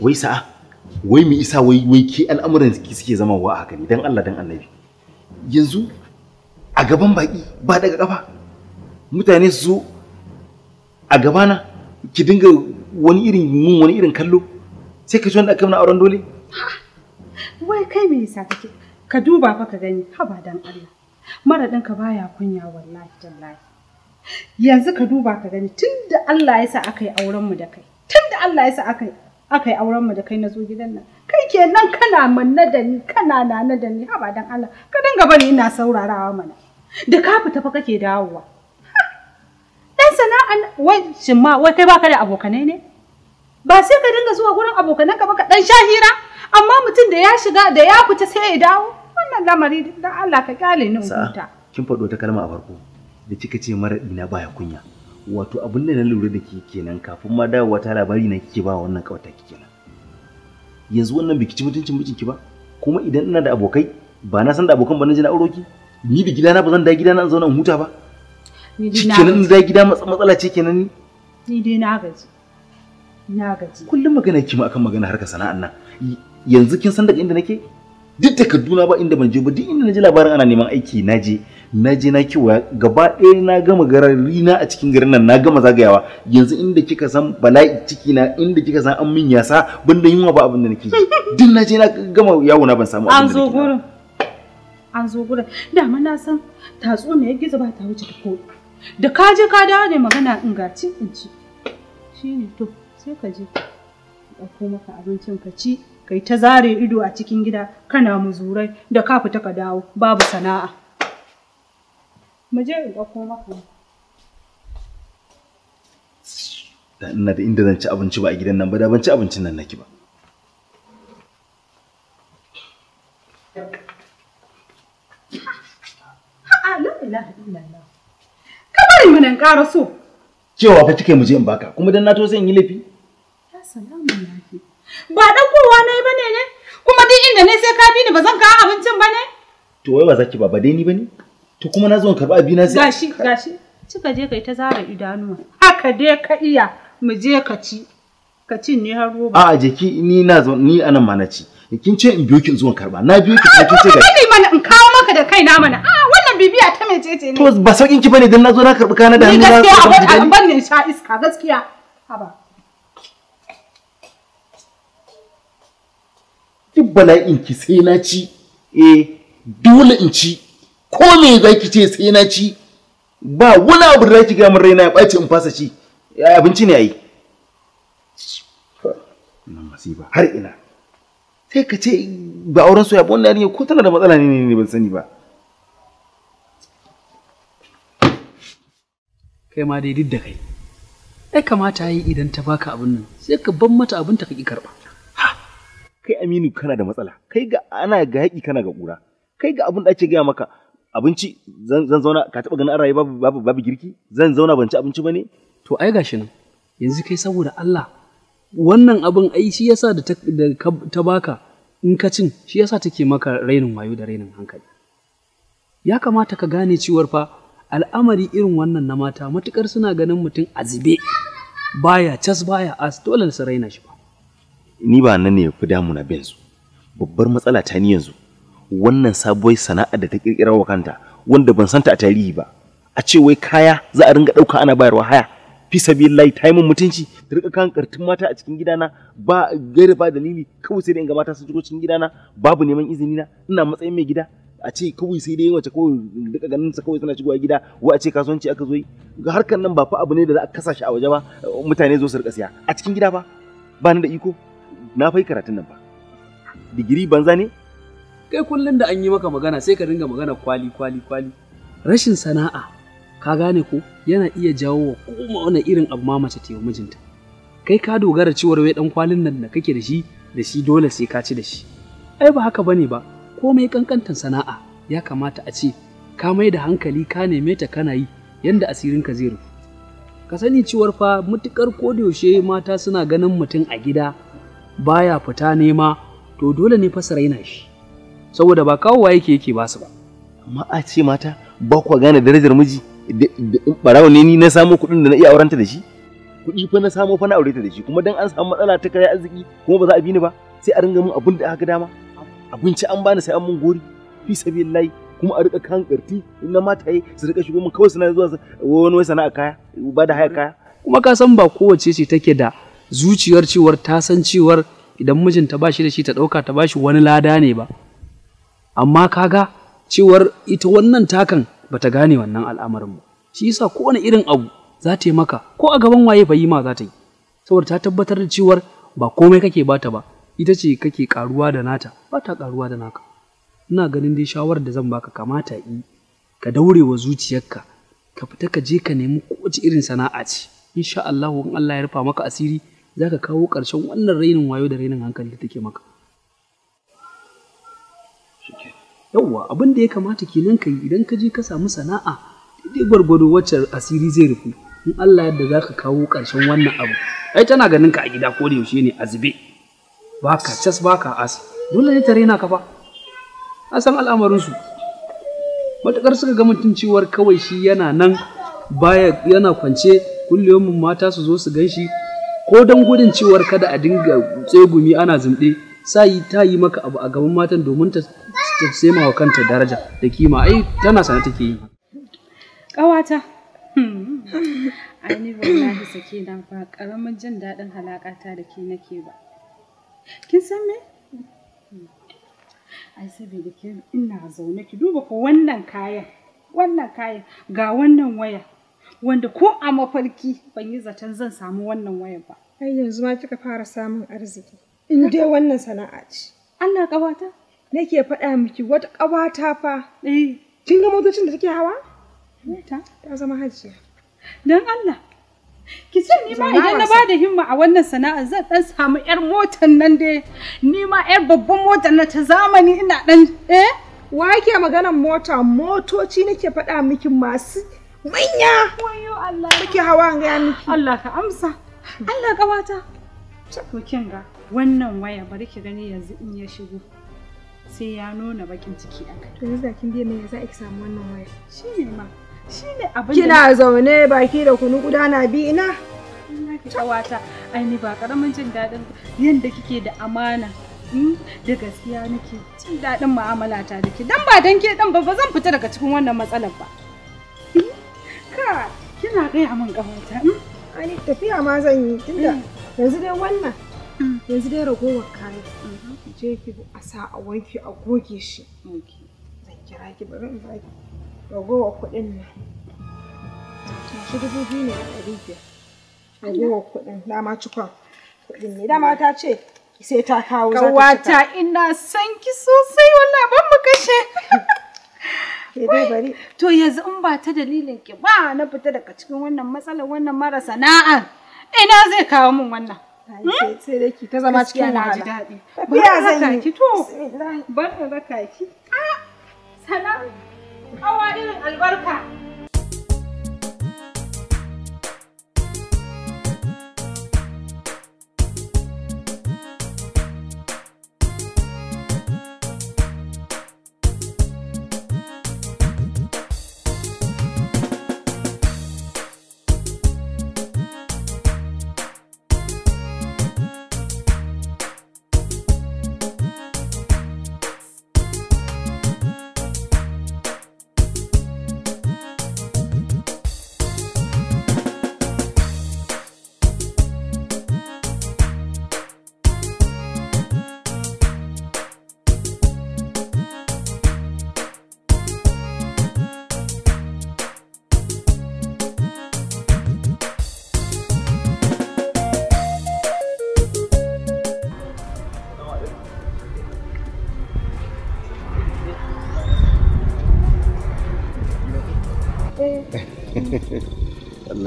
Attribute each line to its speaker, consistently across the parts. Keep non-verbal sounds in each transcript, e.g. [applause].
Speaker 1: wai sa'a wai mi isa wai wai ke al'amuran ki suke zama wa haka ne dan Allah dan Annabi yanzu a gaban baki ba daga kafa mutane su a gabana ki dinga wani irin mun wani irin kallo sai ka ci wanda aka mana auren dole
Speaker 2: wai kai me yasa kake ka duba fa ka gani ha ba dan Allah mara ka baya kunya wallahi tallahi yanzu ka duba ka gani tunda Allah ya sa aka yi auren mu da kai tunda Allah ya sa aka yi aka yi auren mu da kai na zo gidan nan kai kenan kana manna da ni kana nana da ni haba dan Allah ka dinga bari ina saurarawa mana da ka fita fa kake dawowa dan sana'a wai shin ma wai kai baka da abokanai ne ba sai ka dinga zuwa gurin abokanan ka ba ka dan shahira amma mutum da ya shiga da ya fita sai ya dawo wannan lamari dan Allah ka kyale ni in
Speaker 1: kin faɗo ta kalma a farko da kika ce mara ina baya kunya wato abin da na lura da ke kenan kafin ma dawowa ta labari na kike ba wannan kawata kike kenan yanzu wannan biki ci mutuncin ki ba kuma idan ina da abokai ba na san da abokan ba na ji na auro ki ni da gidana ba zan da gidana in zauna in huta ba
Speaker 2: ni kenan in da gida
Speaker 1: matsala ce kenan ni
Speaker 2: ni dai na gaji na
Speaker 1: gaji kullum magana ki ma akan magana harkar sana'an nan yanzu kin san daga inda nake duk da kaduna ba inda ban je ba duk inda na ji labarin ana neman aiki na je na je na kiwa gaba ɗaya na gama garari na a cikin garin nan na gama zagayawa yanzu inda kika san bala'i ciki na inda kika san an min yasa banda yunwa ba abin da nake duk na je na gama yawo na ban samu abin da nake an zo
Speaker 2: gurin an zo gurin dama na san tatsuniyar gizo ba ta wuce ko da ka je ka dawo ne magana in ci in ci shine to sai ka je ka ɗauko maka abincin ka ci kai ta zare ido a cikin gida kana muzurai da ka fita ka dawo babu sana'a Mu je in ɗauko maka.
Speaker 1: Da ina da inda zan ci abinci ba a gidan nan ba da ban ci abincin nan naki ba. A'a
Speaker 2: la ilaha illallah. Ka bari mu nan ƙara so.
Speaker 1: Cewa fa kike mu je in baka kuma dan na to zan yi laifi.
Speaker 2: Ba dan kowa na yi bane ne? Kuma duk inda ne sai ka bi ni ba zan kawo abincin bane?
Speaker 1: To wai ba zaki ba ba dai ni ne. to kuma na zo in karɓi abina sai gashi gashi
Speaker 2: cika je kai ta zara idanuwa haka dai ka iya mu je ka ci ka ci ne har roba a'a
Speaker 1: jeki ni na zo ni anan ma na ci kin ce in biyo ki zuwa karba na biyo ki ta ce ga ni
Speaker 2: mana in kawo maka da kaina mana a wannan bibiya ta mai mecece ne to
Speaker 1: ba saukin ki bane dan na zo na karbi kana da hannu na gaskiya abin
Speaker 2: ban ne sha iska gaskiya haba
Speaker 1: duk bala'in ki sai na ci eh dole in ci ko me za ki ce sai na ci ba wani abu da za ki gamin raina ya ɓace in fasa ci abinci ne yayi nan masifa har ina sai ka ce ba auren soya ba wannan ko tana da matsala ne ne ban sani ba kai ma dai duk da kai
Speaker 3: ai kamata yi idan ta baka abin nan sai
Speaker 1: ka ban mata abin ta kaki karba kai aminu kana da matsala kai ga ana ga yaƙi kana ga ƙura kai ga abin da ake gaya maka abinci zan zauna ka taɓa ganin an rayu babu babu babu girki zan zauna ban ci abinci ba ne to ai gashi nan yanzu kai saboda Allah
Speaker 3: wannan abin ai shi yasa da ta baka in ka cin shi yasa take maka rainin wayo da rainin hankali ya kamata ka gane cewar fa al'amari irin wannan na mata matukar suna ganin mutum azibe baya cas baya as dole su
Speaker 1: raina shi ba ni ba nan ne fi damuna su. babbar matsala ta ni yanzu wannan sabuwar sana'a da ta kirkira wa kanta wanda ban santa a tarihi ba a ce wai kaya za a ringa ɗauka ana bayarwa haya fi sabilillahi ta min mutunci ta rika kan kartun mata a cikin gidana ba gaira ba dalili kawai sai da ga mata sun shigo cikin gidana babu neman izini na ina matsayin mai gida a ce kawai sai dai wace kawai duka ganin sa kawai suna shigowa gida wa a ce kasuwanci aka zo yi ga harkar nan ba fa abu ne da za a kasa shi a waje ba mutane zo su rika siya a cikin gida ba ba ni da iko na fai karatun nan ba digiri banza ne kai
Speaker 3: kullum da an yi maka magana sai ka dinga magana kwali kwali kwali rashin sana'a ka gane ko yana iya jawo wa kuma wani irin abu ma mace ta mijinta kai ka dogara cewar wai dan kwalin nan da kake da shi da shi dole sai ka ci da shi ai ba haka bane ba komai kankantan sana'a ya kamata a ce ka mai da hankali ka neme ta kana yi yanda asirinka zai rufu ka sani cewar fa mutukar kodayaushe mata suna ganin mutum a gida baya fita nema to dole ne fasara raina shi
Speaker 1: saboda ba kawowa yake yake basu ba amma a ce mata ba kwa gane darajar miji barawo ne ni na samo kuɗin da na iya aurenta da shi kuɗi fa na samo fa na aure ta da shi kuma dan an samu matsala ta kare arziki kuma ba za a bi ni ba sai a ringa mun abin da aka dama abinci an bani sai an mun gori fi sabilillahi kuma a rika kan karti na mataye su rika shigo mun kawai suna zuwa wani wai sana'a kaya ba da haya kaya
Speaker 3: kuma ka san ba kowace ce take da zuciyar cewar ta san cewar idan mijinta ba shi da shi ta ɗauka ta ba shi wani lada ne ba amma kaga cewar ita wannan takan bata gane wannan al'amarin ba shi yasa kowane irin abu za ta yi maka ko a gaban waye fa yi ma za ta yi saboda ta tabbatar da cewar ba komai kake bata ba ita ce kake karuwa da nata ba ta karuwa da naka ina ganin dai shawarar da zan baka kamata yi ka daure wa zuciyarka ka fita ka je ka nemi kowace irin sana'a ce insha Allah in Allah ya rufa maka asiri zaka kawo ƙarshen wannan rainin wayo da rainin hankali da take maka yawwa abin da ya kamata kenan ka yi idan ka je ka samu sana'a daidai gwargwado wacce asiri zai rufu in Allah yadda za ka kawo ƙarshen wannan abu ai tana ganin ka a gida ko da yaushe ne a zube ba ka cas ba ka as dole ne ta rena ka fa a san al'amarinsu matuƙar suka ga mutum cewar kawai shi yana nan baya yana kwance kullum mata su zo su gan shi ko don gudun cewar kada a dinga tsegumi ana zumɗe sa yi ta yi maka abu a gaban matan domin ta sema wa kanta daraja da kima ai tana sana take yi
Speaker 2: ƙawata [laughs] ai na wallahi sake na ba karamin jin daɗin ta da ke nake ba kin san me ai saboda ke ina zaune ki duba ko wannan kayan wannan kayan ga wannan waya wanda ko a mafarki ban yi zaton zan samu wannan wayar ba ai yanzu ma kika fara samun arziki in dai wannan sana'a ce Allah ƙawata nake faɗa miki wata ƙawata fa eh, kin ga motocin da take hawa ta zama hajiya Dan Allah ki san ni ma idan na bada himma a wannan sana'a zan dan samu yar motan nan dai ni ma yar babban motan na ta zamani ina dan eh wake maganan mota motoci nake faɗa miki masu manya wayo Allah kike hawa ga miki Allah ka amsa Allah kawata To kin ga wannan waya bari ki gani yanzu in ya shigo. Sai ya nuna bakin ciki aka To yanzu kin biya me yasa ki samu wannan waya? Shi ne ma. Shi ne abin Kina zaune baki da kunu gudana bi ina? Kawata, ai ni ba karamin jin daɗin yadda kike da amana hmm? da gaskiya nake jin daɗin mu'amala ta da ke dan ba dan ke dan ba ba zan fita daga cikin wannan matsalar ba hmm? ka kina gaya min ƙawata hmm? ani tafiya ma zan yi tunda yanzu dai wannan mm. yanzu dai ragowar kayan mm-hmm. je ki a sa a wanki a goge shi
Speaker 3: zan kira ki bari in ba ki
Speaker 2: ragowar kuɗin nan dubu biyu ne a ɗari biyar ragowar kuɗin dama cikon kuɗin ne dama ta ce sai ta kawo za ta Kawata ina son ki sosai wallah ban mu kashe. [laughs] To yanzu in ba ta dalilin ki ba na fita daga cikin wannan matsalar wannan mara sana'a. Ina zai kawo min wannan. Hmm? Sai dai ki ta zama cikin wahala. daɗi. Biya zan yi. ki to. ban raka ki. Ah! Sana. Awa irin albarka.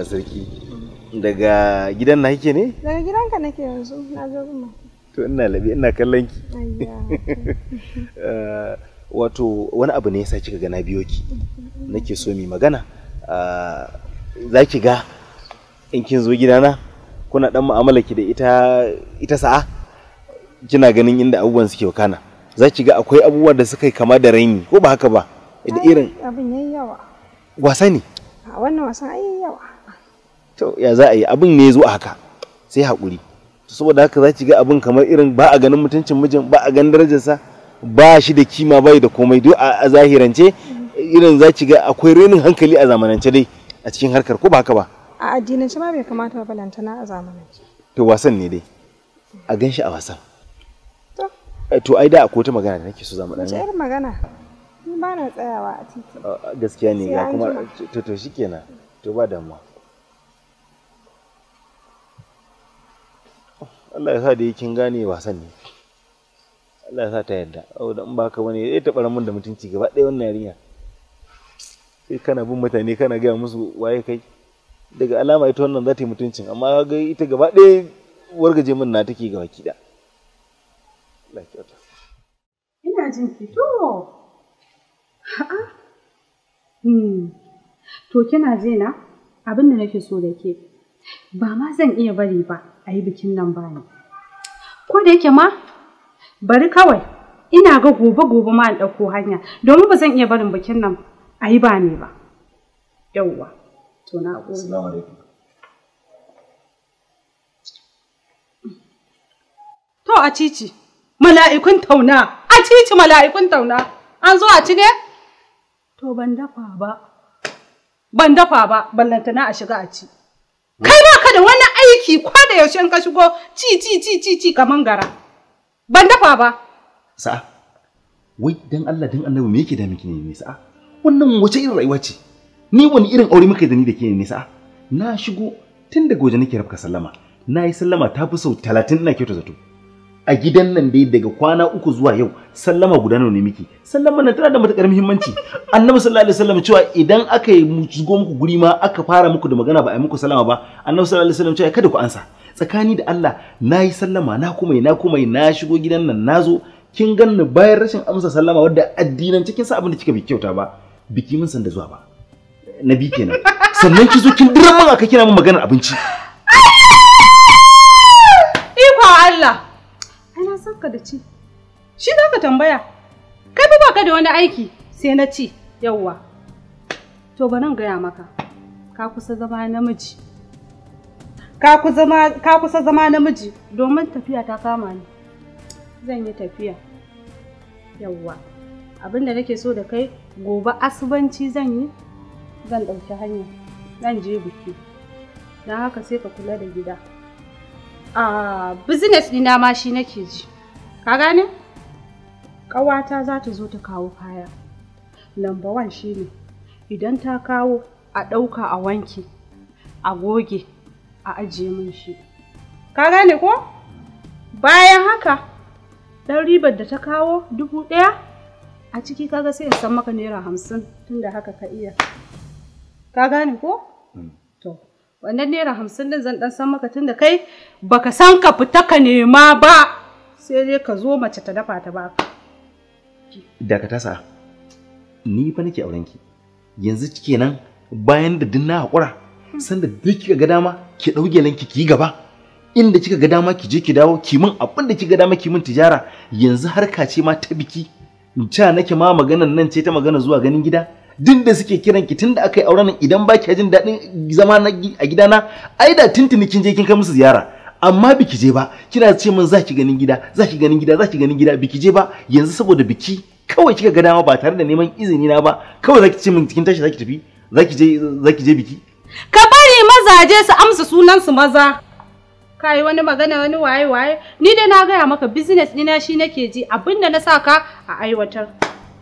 Speaker 1: Allah sarki daga gidan na kike ne
Speaker 2: daga ka nake yanzu na zo kuma
Speaker 1: to ina labi ina kallon ki [laughs] eh, wato wani abu ne yasa kika ga na biyo ki nake so mi magana eh, za ki ga in kin zo gidana kuna dan mu'amala ki da ita ita sa'a kina ganin inda abubuwan suke wakana za ki ga akwai abubuwa da suka yi kama da raini ko ba haka ba da irin
Speaker 2: abin yayi yawa wasa ne wannan wasan ai yawa
Speaker 1: to ya za a yi abin ne ya zo a haka sai haƙuri saboda haka za ki ga abin kamar irin ba a ganin mutuncin mijin ba a ganin darajarsa ba shi da kima bai da komai duk a zahirance irin za ki ga akwai renin hankali a zamanance dai a cikin harkar ko ba haka ba
Speaker 2: a addinance ma bai kamata ba balantana a zamanance
Speaker 1: to wasan ne dai a gan shi a wasan to eh, ai da akwai ta magana da nake so zamu mu dan irin
Speaker 2: magana ni ba na tsayawa a
Speaker 1: titi gaskiya ne ga kuma to to shikenan to ba damuwa Allah ya sa da kin gane wasan ne Allah ya sa ta yadda saboda in baka bane zai taɓa ramin da mutunci gaba ɗaya wannan yarinya sai kana bin mutane kana gaya musu waye kai daga alama ita wannan za ta yi mutuncin amma ga ita gaba ɗaya wargaje min na take ga baki da Allah kyauta
Speaker 2: ina jin ki to ha'a hmm. to kina jina abin da nake so da ke ba ma zan iya bari ba a yi bikin nan ba ne. Ko da yake ma, bari kawai ina ga gobe-gobe ma in ɗauko hanya domin ba zan iya barin bikin nan a yi ba ne ba. Yauwa, to na To a cici, mala'ikun tauna, a cici mala'ikun tauna, an zo a ci ne? To ban dafa ba, ban dafa ba, ballantana a shiga a ci. ki ko da yaushe in ka shigo ci ci ci ci ci kaman gara. Ban dafa ba.
Speaker 1: Sa'a. Wai dan Allah dan Annabi me yake da miki ne sa'a? Wannan wace irin rayuwa ce? Ni wani irin aure muka da ni da ke ne sa'a? Na shigo tun daga waje nake rafka sallama. Na yi sallama ta fi sau talatin ina kyauta zato. a gidan nan dai daga kwana uku zuwa yau sallama guda nawa ne miki sallama nan tana da matakar muhimmanci annabi sallallahu alaihi wasallam cewa idan aka yi shigo muku guri ma aka fara muku da magana ba a yi muku sallama ba annabi sallallahu alaihi wasallam cewa kada ku ansa tsakani da Allah na yi sallama na kuma na kuma na shigo gidan nan nazo zo kin ganni bayan rashin amsa sallama wadda addinan cikin sa abin da kika bi kyauta ba biki mun san da zuwa ba na bi kenan sannan ki zo kin dirman aka kira min maganar abinci
Speaker 2: [laughs] ikon Allah san ka da ci. Shi za ka tambaya. Kai ba baka da wani aiki sai na ci yawwa. To ba nan gaya maka. Ka kusa zama namiji. Ka kusa zama namiji domin tafiya ta kama ni. Zan yi tafiya. Yawwa. Abin da nake so da kai gobe asubanci zan yi zan ɗauki hanya. Zan je biki. Don haka sai ka kula da gida. a business dina ma shi nake ji ka gane ƙawata za ta zo ta kawo kaya number wan shi ne idan ta kawo a ɗauka a wanke a goge a ajiye min shi ka gane ko bayan haka ɗan ribar da ta kawo dubu ɗaya a ciki kaga sai in san maka naira hamsin tunda haka ka iya ka gane ko wannan naira hamsin din zan dan san maka da kai baka san ka fita ka nema ba sai dai ka zo mace ta dafa ta baka
Speaker 1: da ka tasa ni fa nake auren ki yanzu kenan bayan da dinna hakura sanda duk kika ga dama ki dauke lanki ki gaba inda kika ga dama ki je ki dawo ki min abin da kika ga dama ki min tijara yanzu harka ce ma ta biki in ca nake ma maganar nan ce ta magana zuwa ganin gida din da suke kiran ki tunda aka yi auren nan idan ba ki jin daɗin zama a gidana ai da tuntuni kin je kin kai musu ziyara amma biki je ba kina ce min za ki ganin gida za ki ganin gida za ki ganin gida biki je ba yanzu saboda biki kawai kika ga dama ba tare da neman izini na ba kawai za ki ce min cikin tashi za ki tafi za ki je za ki je biki
Speaker 2: ka bari mazaje su amsa sunan su maza kai wani magana wani waye waye ni da na gaya maka business ɗina shi nake ji abinda na saka a aiwatar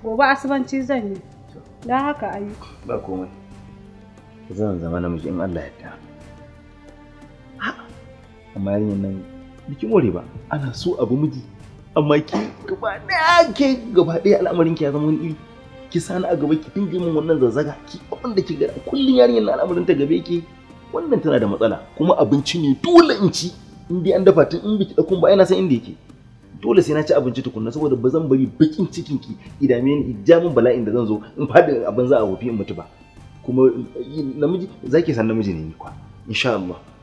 Speaker 2: gobe asibanci zan yi Don haka ayi.
Speaker 1: Ba komai. Zan zama namiji in Allah ya yarda. Amma yarinyar nan biki more ba, ana so abu miji. Amma ki gaba ɗaya ke gaba ɗaya al'amarin ki ya zama wani iri. Ki sani a gaba ki tinge min wannan zazzaga ki abin da ki ga kullum yarinyar nan al'amarin ta gabe ki wannan tana da matsala kuma abinci ne dole in ci in dai an dafa tun in biki ɗakun ba ina san inda yake. dole sai na ci abinci tukunna saboda ba zan bari bakin cikin ki idame ni min bala'in da zan zo in faɗi abin za a wofi in mutu ba kuma eh, namiji zaki san namiji ne ni kwa insha Allah